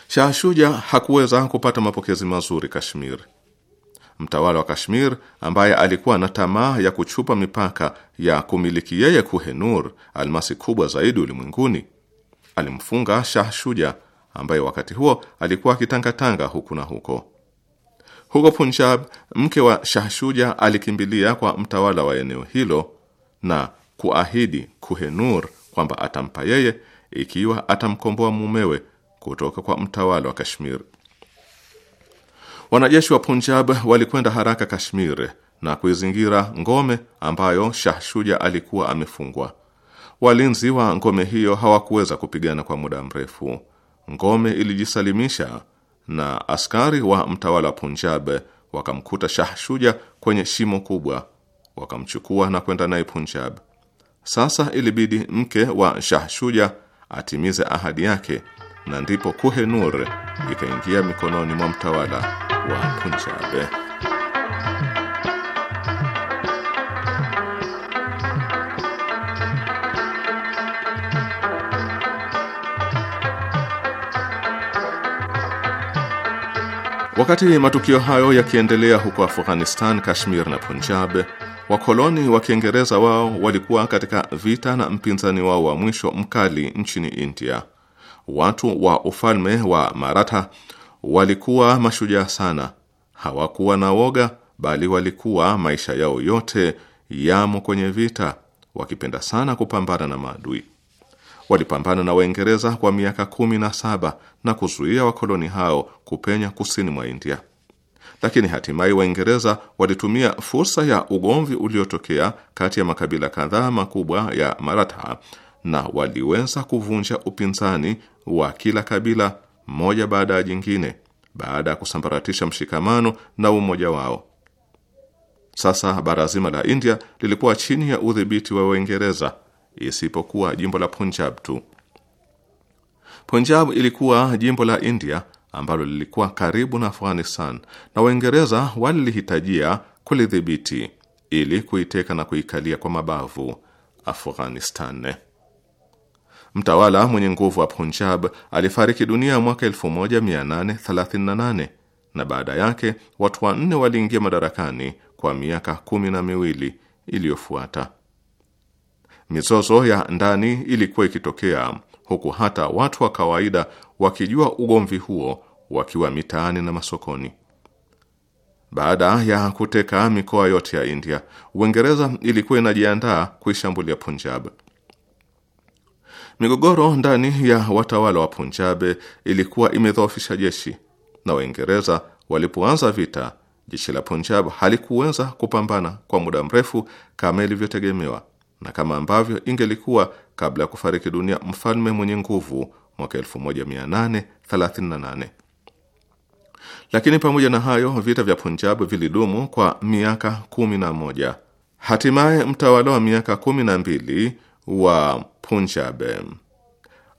Shah Shuja hakuweza kupata mapokezi mazuri Kashmir mtawala wa Kashmir ambaye alikuwa na tamaa ya kuchupa mipaka ya kumiliki yeye Kuhenur, almasi kubwa zaidi ulimwenguni, alimfunga Shah Shuja ambaye wakati huo alikuwa akitangatanga huku na huko. Huko Punjab, mke wa Shah Shuja alikimbilia kwa mtawala wa eneo hilo na kuahidi Kuhenur kwamba atampa yeye ikiwa atamkomboa mumewe kutoka kwa mtawala wa Kashmir. Wanajeshi wa Punjab walikwenda haraka Kashmir na kuizingira ngome ambayo Shah Shuja alikuwa amefungwa. Walinzi wa ngome hiyo hawakuweza kupigana kwa muda mrefu. Ngome ilijisalimisha na askari wa mtawala wa Punjab wakamkuta Shah Shuja kwenye shimo kubwa, wakamchukua na kwenda naye Punjab. Sasa ilibidi mke wa Shah Shuja atimize ahadi yake, na ndipo Kuhe Nur ikaingia mikononi mwa mtawala wa Punjab. Wakati matukio hayo yakiendelea huko Afghanistan, Kashmir na Punjab, wakoloni wa Kiingereza wao walikuwa katika vita na mpinzani wao wa mwisho mkali nchini India. Watu wa ufalme wa Maratha walikuwa mashujaa sana, hawakuwa na woga, bali walikuwa maisha yao yote yamo kwenye vita, wakipenda sana kupambana na maadui. Walipambana na Waingereza kwa miaka kumi na saba na kuzuia wakoloni hao kupenya kusini mwa India, lakini hatimaye Waingereza walitumia fursa ya ugomvi uliotokea kati ya makabila kadhaa makubwa ya Maratha na waliweza kuvunja upinzani wa kila kabila moja baada ya jingine, baada ya kusambaratisha mshikamano na umoja wao. Sasa bara zima la India lilikuwa chini ya udhibiti wa Uingereza isipokuwa jimbo la Punjab tu. Punjab ilikuwa jimbo la India ambalo lilikuwa karibu na Afghanistan na Waingereza walilihitajia kulidhibiti ili kuiteka na kuikalia kwa mabavu Afghanistan. Mtawala mwenye nguvu wa Punjab alifariki dunia mwaka 1838 na baada yake watu wanne waliingia madarakani kwa miaka kumi na miwili iliyofuata. Mizozo ya ndani ilikuwa ikitokea huku hata watu wa kawaida wakijua ugomvi huo wakiwa mitaani na masokoni. Baada ya kuteka mikoa yote ya India, Uingereza ilikuwa inajiandaa kuishambulia Punjab. Migogoro ndani ya watawala wa Punjabe ilikuwa imedhoofisha jeshi, na Waingereza walipoanza vita, jeshi la Punjab halikuweza kupambana kwa muda mrefu kama ilivyotegemewa na kama ambavyo ingelikuwa kabla ya kufariki dunia mfalme mwenye nguvu mwaka 1838. Lakini pamoja na hayo, vita vya Punjab vilidumu kwa miaka kumi na moja. Hatimaye mtawala wa miaka kumi na mbili wa Punjab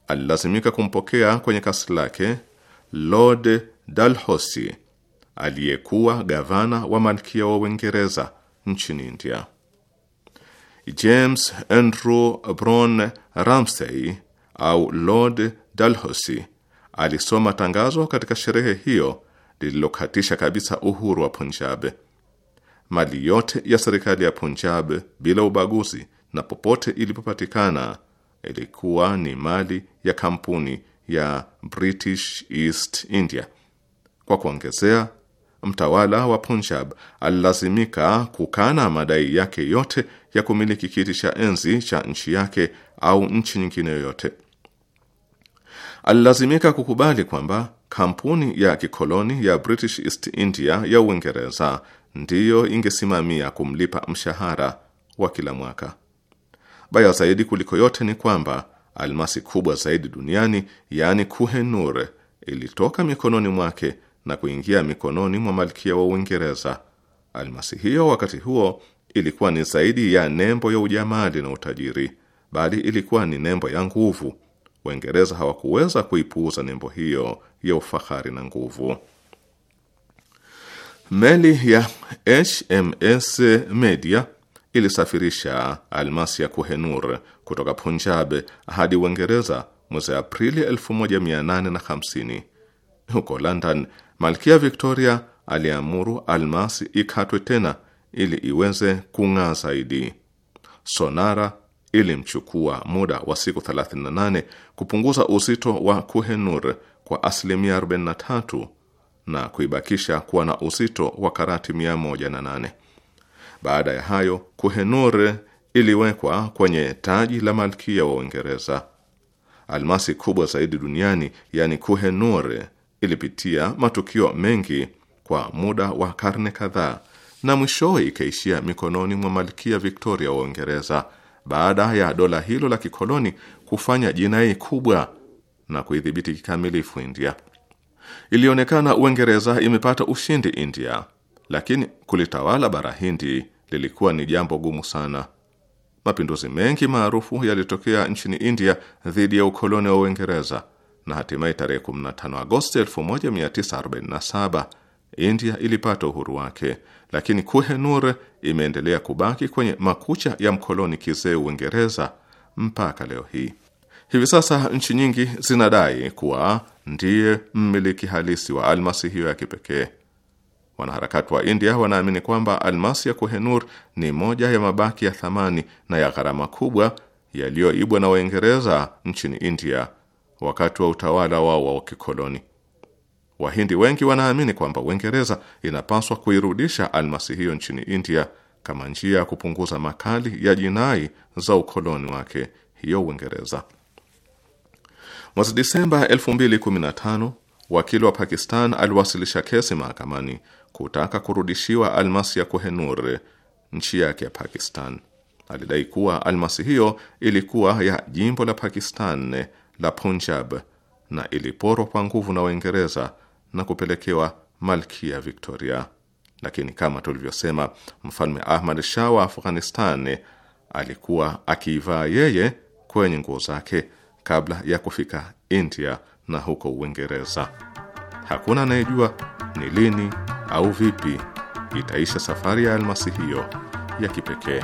alilazimika kumpokea kwenye kasi lake Lord Dalhousie aliyekuwa gavana wa malkia wa Uingereza nchini India. James Andrew Brown Ramsay au Lord Dalhousie alisoma tangazo katika sherehe hiyo lililokatisha kabisa uhuru wa Punjab. Mali yote ya serikali ya Punjab bila ubaguzi na popote ilipopatikana ilikuwa ni mali ya kampuni ya British East India. Kwa kuongezea, mtawala wa Punjab alilazimika kukana madai yake yote ya kumiliki kiti cha enzi cha nchi yake au nchi nyingine yoyote. Alilazimika kukubali kwamba kampuni ya kikoloni ya British East India ya Uingereza ndiyo ingesimamia kumlipa mshahara wa kila mwaka. Baya zaidi kuliko yote ni kwamba almasi kubwa zaidi duniani, yaani Kuhe Nur, ilitoka mikononi mwake na kuingia mikononi mwa malkia wa Uingereza. Almasi hiyo wakati huo ilikuwa ni zaidi ya nembo ya ujamali na utajiri, bali ilikuwa ni nembo ya nguvu. Waingereza hawakuweza kuipuuza nembo hiyo ya ufahari na nguvu. Meli ya HMS Media ilisafirisha almasi ya Kuhenur kutoka Punjab hadi Uingereza mwezi Aprili 1850. Huko London, Malkia Victoria aliamuru almasi ikatwe tena ili iweze kung'aa zaidi. Sonara ilimchukua muda wa siku 38 kupunguza uzito wa Kuhenur kwa asilimia 43 na kuibakisha kuwa na uzito wa karati 108. Baada ya hayo, Kuhenur iliwekwa kwenye taji la malkia wa Uingereza. Almasi kubwa zaidi duniani, yani Kuhenur, ilipitia matukio mengi kwa muda wa karne kadhaa na mwishowe ikaishia mikononi mwa malkia Victoria wa Uingereza baada ya dola hilo la kikoloni kufanya jinai kubwa na kuidhibiti kikamilifu India. Ilionekana Uingereza imepata ushindi India, lakini kulitawala bara Hindi lilikuwa ni jambo gumu sana. Mapinduzi mengi maarufu yalitokea nchini India dhidi ya ukoloni wa Uingereza na hatimaye tarehe 15 Agosti 1947 India ilipata uhuru wake, lakini kuhenure imeendelea kubaki kwenye makucha ya mkoloni kizee Uingereza mpaka leo hii. Hivi sasa nchi nyingi zinadai kuwa ndiye mmiliki halisi wa almasi hiyo ya kipekee. Wanaharakati wa India wanaamini kwamba almasi ya Kohenur ni moja ya mabaki ya thamani na ya gharama kubwa yaliyoibwa na Waingereza nchini India wakati wa utawala wao wa kikoloni. Wahindi wengi wanaamini kwamba Uingereza inapaswa kuirudisha almasi hiyo nchini India kama njia ya kupunguza makali ya jinai za ukoloni wake hiyo Uingereza. Mwezi Disemba 2015 wakili wa Pakistan aliwasilisha kesi mahakamani kutaka kurudishiwa almasi ya Kohenur nchi yake ya Pakistan. Alidai kuwa almasi hiyo ilikuwa ya jimbo la Pakistan la Punjab na iliporwa kwa nguvu na Waingereza na kupelekewa Malkia Victoria. Lakini kama tulivyosema, Mfalme Ahmad Shah wa Afghanistan alikuwa akiivaa yeye kwenye nguo zake kabla ya kufika India na huko Uingereza. Hakuna anayejua ni lini au vipi itaisha safari ya almasi hiyo ya kipekee.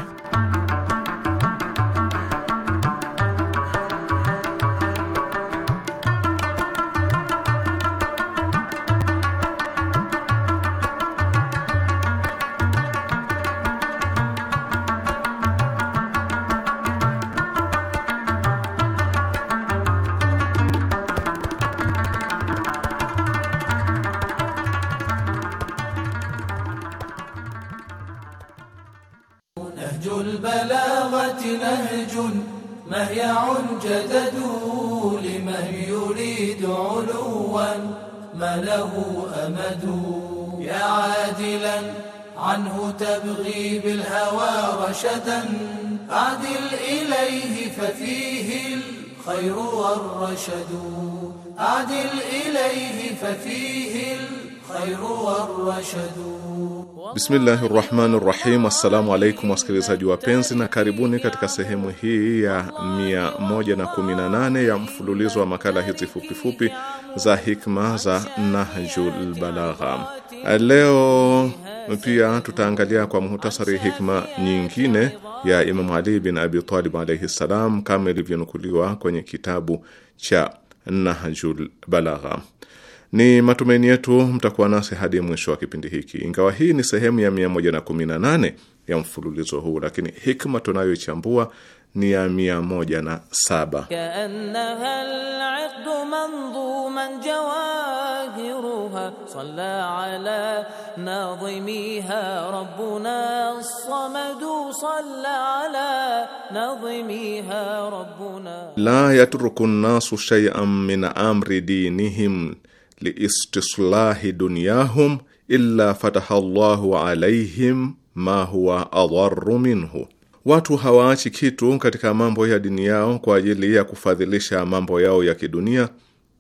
رشدا أعدل إليه ففيه الخير والرشد أعدل إليه ففيه الخير والرشد Bismillahi rahmani rahim. Assalamu alaikum wasikilizaji wapenzi, na karibuni katika sehemu hii ya 118 ya mfululizo wa makala hizi fupifupi za hikma za Nahjul Balagha. Leo pia tutaangalia kwa muhtasari hikma nyingine ya Imamu Ali bin Abi Talib alaihi ssalam, kama ilivyonukuliwa kwenye kitabu cha Nahjul Balagha. Ni matumaini yetu mtakuwa nasi hadi mwisho wa kipindi hiki. Ingawa hii ni sehemu ya 118 ya mfululizo huu, lakini hikma tunayoichambua ni ya 107: la yatruku nnasu shay'an min amri dinihim liistislahi dunyahum illa fataha llahu alaihim ma huwa adharu minhu, watu hawaachi kitu katika mambo ya dini yao kwa ajili ya kufadhilisha mambo yao ya kidunia,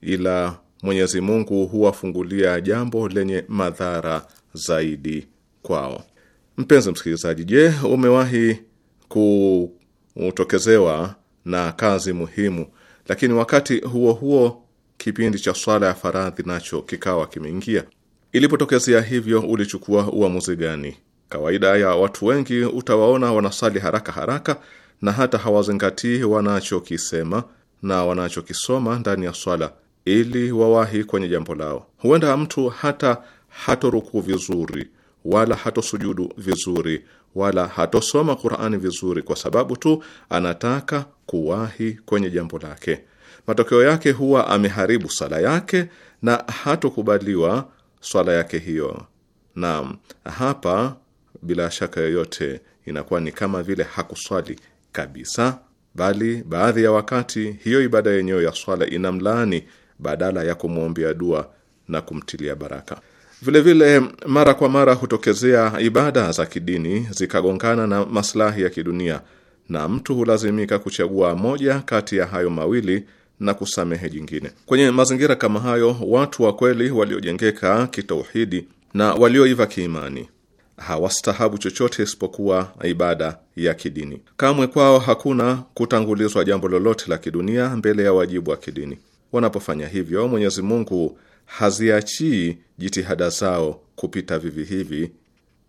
ila Mwenyezi Mungu huwafungulia jambo lenye madhara zaidi kwao. Mpenzi msikilizaji, je, umewahi kutokezewa na kazi muhimu lakini wakati huo huo kipindi cha swala ya faradhi nacho kikawa kimeingia. Ilipotokezea hivyo, ulichukua uamuzi gani? Kawaida ya watu wengi utawaona wanasali haraka haraka na hata hawazingatii wanachokisema na wanachokisoma ndani ya swala ili wawahi kwenye jambo lao. Huenda mtu hata hatorukuu vizuri wala hatosujudu vizuri wala hatosoma Qur'ani vizuri kwa sababu tu anataka kuwahi kwenye jambo lake matokeo yake huwa ameharibu sala yake na hatokubaliwa swala yake hiyo. Naam, hapa bila shaka yoyote inakuwa ni kama vile hakuswali kabisa, bali baadhi ya wakati hiyo ibada yenyewe ya swala inamlaani badala ya kumwombea dua na kumtilia baraka. Vilevile vile, mara kwa mara hutokezea ibada za kidini zikagongana na maslahi ya kidunia na mtu hulazimika kuchagua moja kati ya hayo mawili na kusamehe jingine. Kwenye mazingira kama hayo, watu wa kweli waliojengeka kitauhidi na walioiva kiimani hawastahabu chochote isipokuwa ibada ya kidini. Kamwe kwao hakuna kutangulizwa jambo lolote la kidunia mbele ya wajibu wa kidini. Wanapofanya hivyo, Mwenyezi Mungu haziachii jitihada zao kupita vivi hivi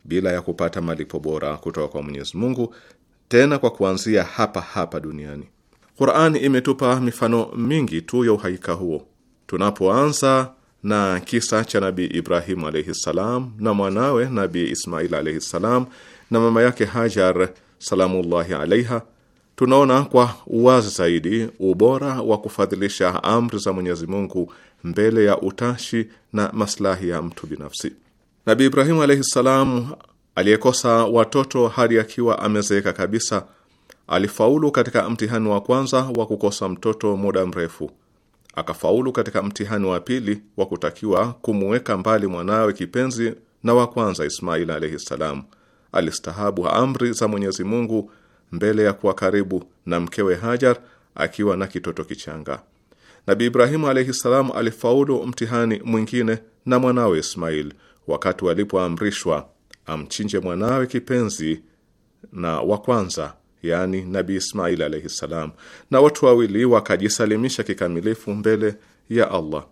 bila ya kupata malipo bora kutoka kwa Mwenyezi Mungu, tena kwa kuanzia hapa hapa duniani. Qur'an imetupa mifano mingi tu ya uhakika huo. Tunapoanza na kisa cha Nabii ibrahimu alaihi ssalam na mwanawe Nabii Ismail alaihi ssalam na mama yake Hajar salamullahi alaiha, tunaona kwa uwazi zaidi ubora wa kufadhilisha amri za Mwenyezi Mungu mbele ya utashi na maslahi ya mtu binafsi. Nabii Ibrahimu alaihi salam aliyekosa watoto hadi akiwa amezeeka kabisa alifaulu katika mtihani wa kwanza wa kukosa mtoto muda mrefu, akafaulu katika mtihani wa pili wa kutakiwa kumuweka mbali mwanawe kipenzi na wa kwanza Ismail alaihi salam. Alistahabu amri za Mwenyezi Mungu mbele ya kuwa karibu na mkewe Hajar akiwa na kitoto kichanga. Nabi Ibrahimu alaihi salam alifaulu mtihani mwingine na mwanawe Ismail wakati walipoamrishwa amchinje mwanawe kipenzi na wa kwanza yani Nabii Ismail alaihi ssalam, na watu wawili wakajisalimisha kikamilifu mbele ya Allah.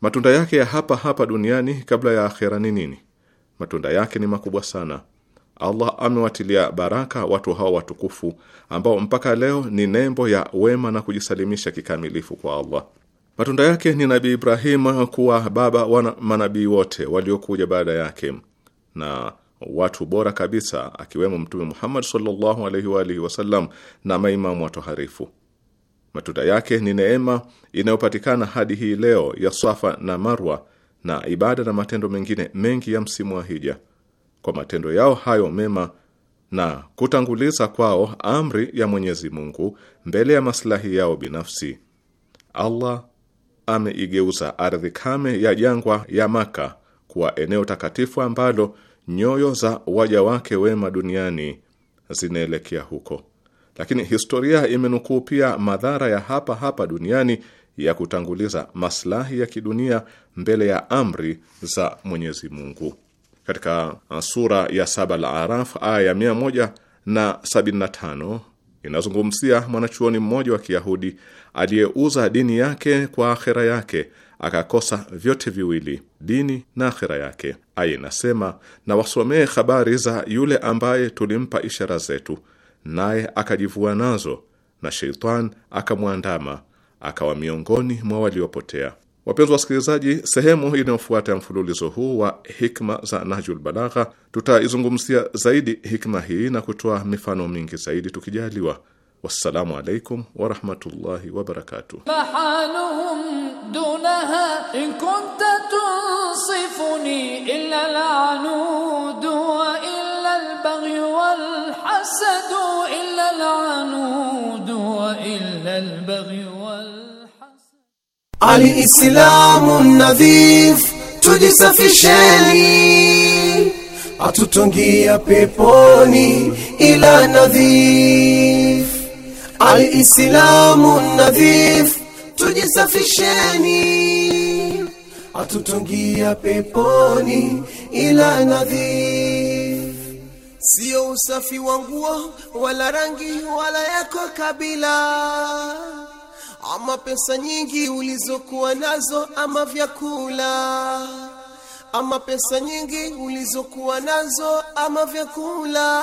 Matunda yake ya hapa hapa duniani kabla ya akhera ni nini? Matunda yake ni makubwa sana. Allah amewatilia baraka watu hao watukufu ambao mpaka leo ni nembo ya wema na kujisalimisha kikamilifu kwa Allah. Matunda yake ni Nabii Ibrahim kuwa baba wa manabii wote waliokuja baada yake na watu bora kabisa akiwemo Mtume Muhammad sallallahu alaihi wa alihi wasallam na maimamu watoharifu. Matunda yake ni neema inayopatikana hadi hii leo ya Swafa na Marwa na ibada na matendo mengine mengi ya msimu wa Hija. Kwa matendo yao hayo mema na kutanguliza kwao amri ya Mwenyezi Mungu mbele ya maslahi yao binafsi, Allah ameigeuza ardhi kame ya jangwa ya Maka kuwa eneo takatifu ambalo nyoyo za waja wake wema duniani zinaelekea huko, lakini historia imenukuu pia madhara ya hapa hapa duniani ya kutanguliza maslahi ya kidunia mbele ya amri za Mwenyezi Mungu. Katika sura ya saba la araf aya ya mia moja na sabini na tano inazungumzia mwanachuoni mmoja wa Kiyahudi aliyeuza dini yake kwa akhera yake akakosa vyote viwili, dini na akhira yake. Aya inasema, na wasomee habari za yule ambaye tulimpa ishara zetu, naye akajivua nazo, na sheitani akamwandama, akawa miongoni mwa waliopotea. Wapenzi wasikilizaji, sehemu inayofuata ya mfululizo huu wa hikma za Nahjul Balagha tutaizungumzia zaidi hikma hii na kutoa mifano mingi zaidi tukijaliwa. Wassalamu alaikum warahmatullahi wabarakatuh. mahaluhum dunaha in kunta tunsifuni illa alanud wa illa albaghi wal hasad illa alanud wa illa albaghi wal Ali Islamu nadhif tujisafisheni atutungia peponi ila nadhif Alislamu nadhif, tujisafisheni, atutungia peponi ila nadhif. Sio usafi wa nguo wala rangi wala yako kabila ama pesa nyingi ulizokuwa nazo ama vyakula ama pesa nyingi ulizokuwa nazo ama vyakula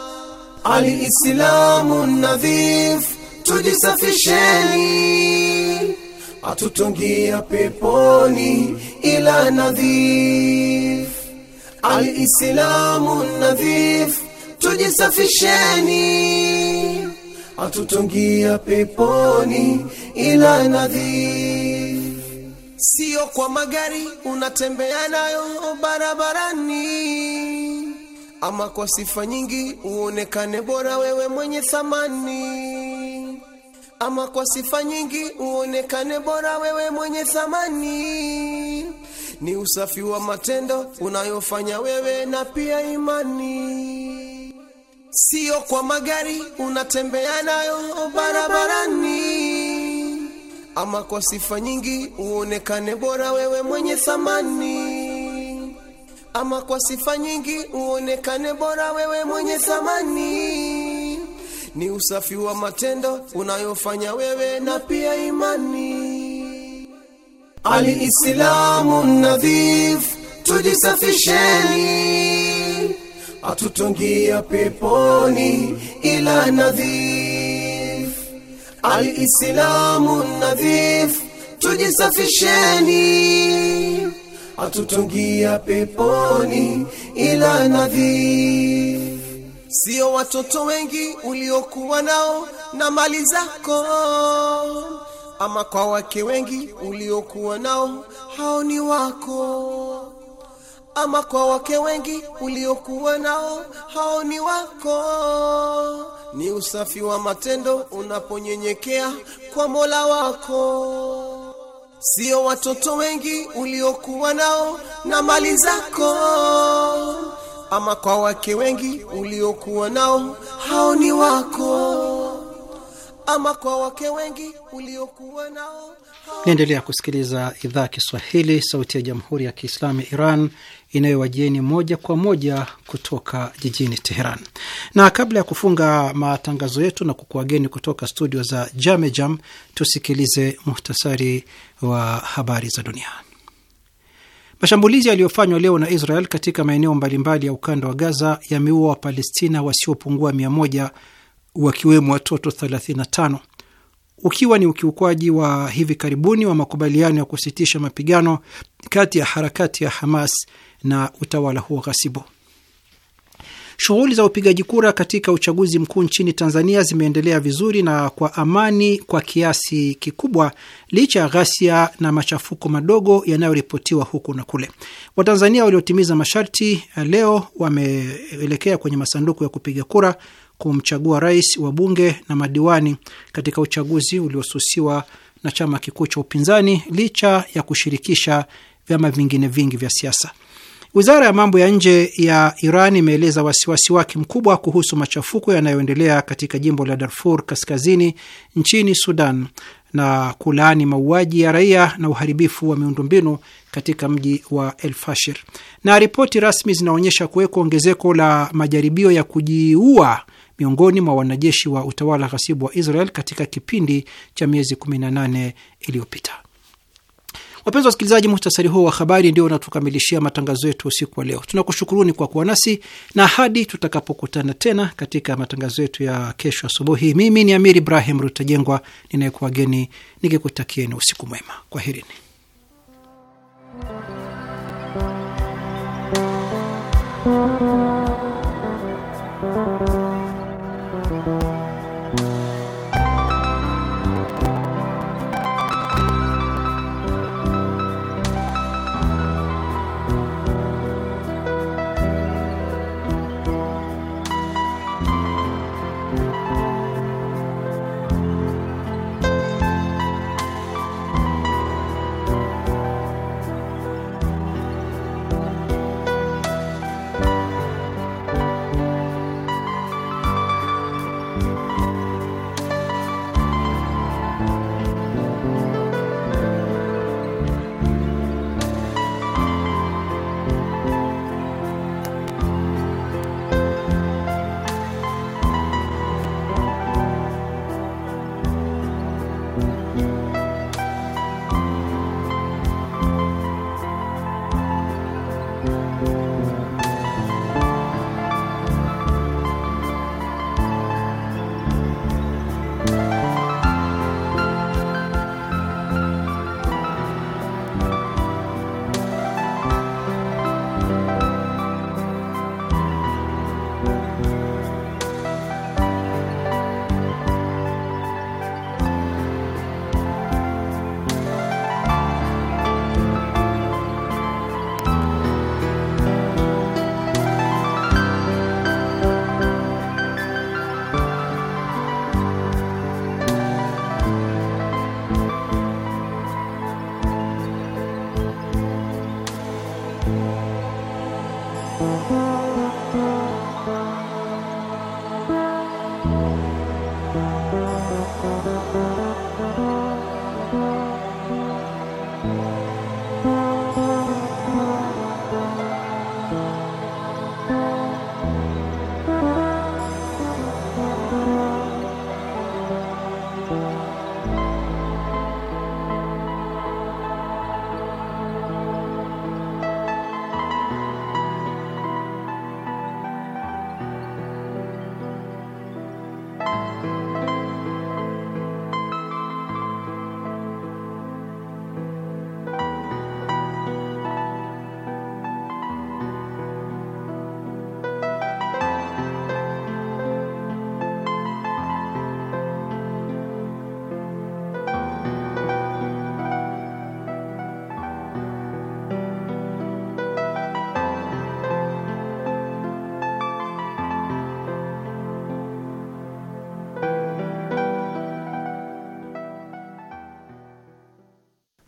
ali Islamu nadhif, tujisafisheni, atutungia peponi ila nadhif. Ali Islamu nadhif, tujisafisheni, atutungia peponi ila nadhif. Sio kwa magari unatembea nayo barabarani ama kwa sifa nyingi uonekane bora wewe mwenye thamani, ama kwa sifa nyingi uonekane bora wewe mwenye thamani. Ni usafi wa matendo unayofanya wewe na pia imani, siyo kwa magari unatembea nayo barabarani ama kwa sifa nyingi uonekane bora wewe mwenye thamani ama kwa sifa nyingi uonekane bora wewe mwenye thamani, ni usafi wa matendo unayofanya wewe na pia imani. Aliislamu nadhif, tujisafisheni, atutongia peponi ila nadhif. Aliislamu nadhif, tujisafisheni atutungia peponi ila nadhif. Sio watoto wengi uliokuwa nao na mali zako, ama kwa wake wengi uliokuwa nao, hao ni wako ama kwa wake wengi uliokuwa nao hao ni wako. Ni usafi wa matendo unaponyenyekea kwa Mola wako sio watoto wengi uliokuwa nao na mali zako, ama kwa wake wengi uliokuwa nao, hao ni wako ama kwa wake wengi uliokuwa nao. Naendelea kusikiliza idhaa Kiswahili sauti ya jamhuri ya Kiislamu ya Iran inayowajieni moja kwa moja kutoka jijini Teheran. Na kabla ya kufunga matangazo yetu na kukuageni kutoka studio za Jamejam, tusikilize muhtasari wa habari za dunia. Mashambulizi yaliyofanywa leo na Israel katika maeneo mbalimbali ya ukanda wa Gaza yameua Wapalestina wasiopungua mia moja wakiwemo watoto 35 ukiwa ni ukiukwaji wa hivi karibuni wa makubaliano ya kusitisha mapigano kati ya harakati ya Hamas na utawala huo ghasibu. Shughuli za upigaji kura katika uchaguzi mkuu nchini Tanzania zimeendelea vizuri na kwa amani kwa kiasi kikubwa, licha ya ghasia na machafuko madogo yanayoripotiwa huku na kule. Watanzania waliotimiza masharti leo wameelekea kwenye masanduku ya kupiga kura kumchagua rais, wabunge na madiwani katika uchaguzi uliosusiwa na chama kikuu cha upinzani licha ya kushirikisha vyama vingine vingi vya siasa. Wizara ya mambo ya nje ya Iran imeeleza wasiwasi wake mkubwa kuhusu machafuko yanayoendelea katika jimbo la Darfur kaskazini nchini Sudan na kulaani mauaji ya raia na uharibifu wa miundombinu katika mji wa El Fashir. Na ripoti rasmi zinaonyesha kuwekwa ongezeko la majaribio ya kujiua miongoni mwa wanajeshi wa utawala ghasibu wa Israel katika kipindi cha miezi 18 iliyopita. Wapenzi wa wasikilizaji, muhtasari huo wa habari ndio unatukamilishia matangazo yetu usiku wa leo. Tunakushukuruni kwa kuwa nasi na hadi tutakapokutana tena katika matangazo yetu ya kesho asubuhi, mimi ni Amir Ibrahim Rutajengwa ninayekuwageni nikikutakieni usiku mwema. Kwaherini.